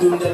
dundal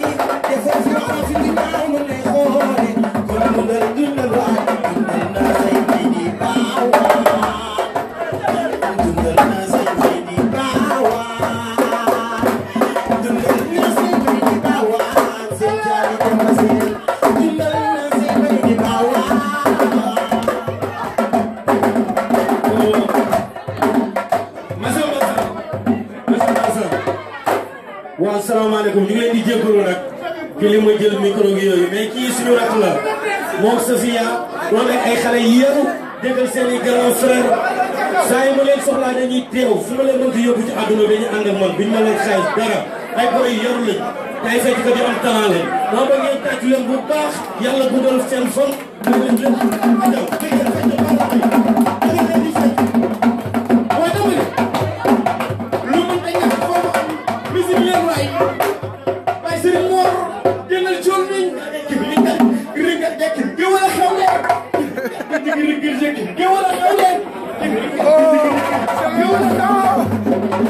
waaw salaamaaleykum ñu ngi leen di jégalu nag ci jël micro gi yooyu mais kii suñu rakk la moom Sofia doon ak ay xale yéeru déggal seen i grand frère saa yi ma leen soxlaa dañuy teew fu ma leen mënti yóbbu ci àdduna bi ñu ànd ak man ma leen xaaj dara ay boy yaru lañ te fecc ko di am talent lañ maa ngeen tàcc leen bu baax yàlla guddal seen fan. Give it a go!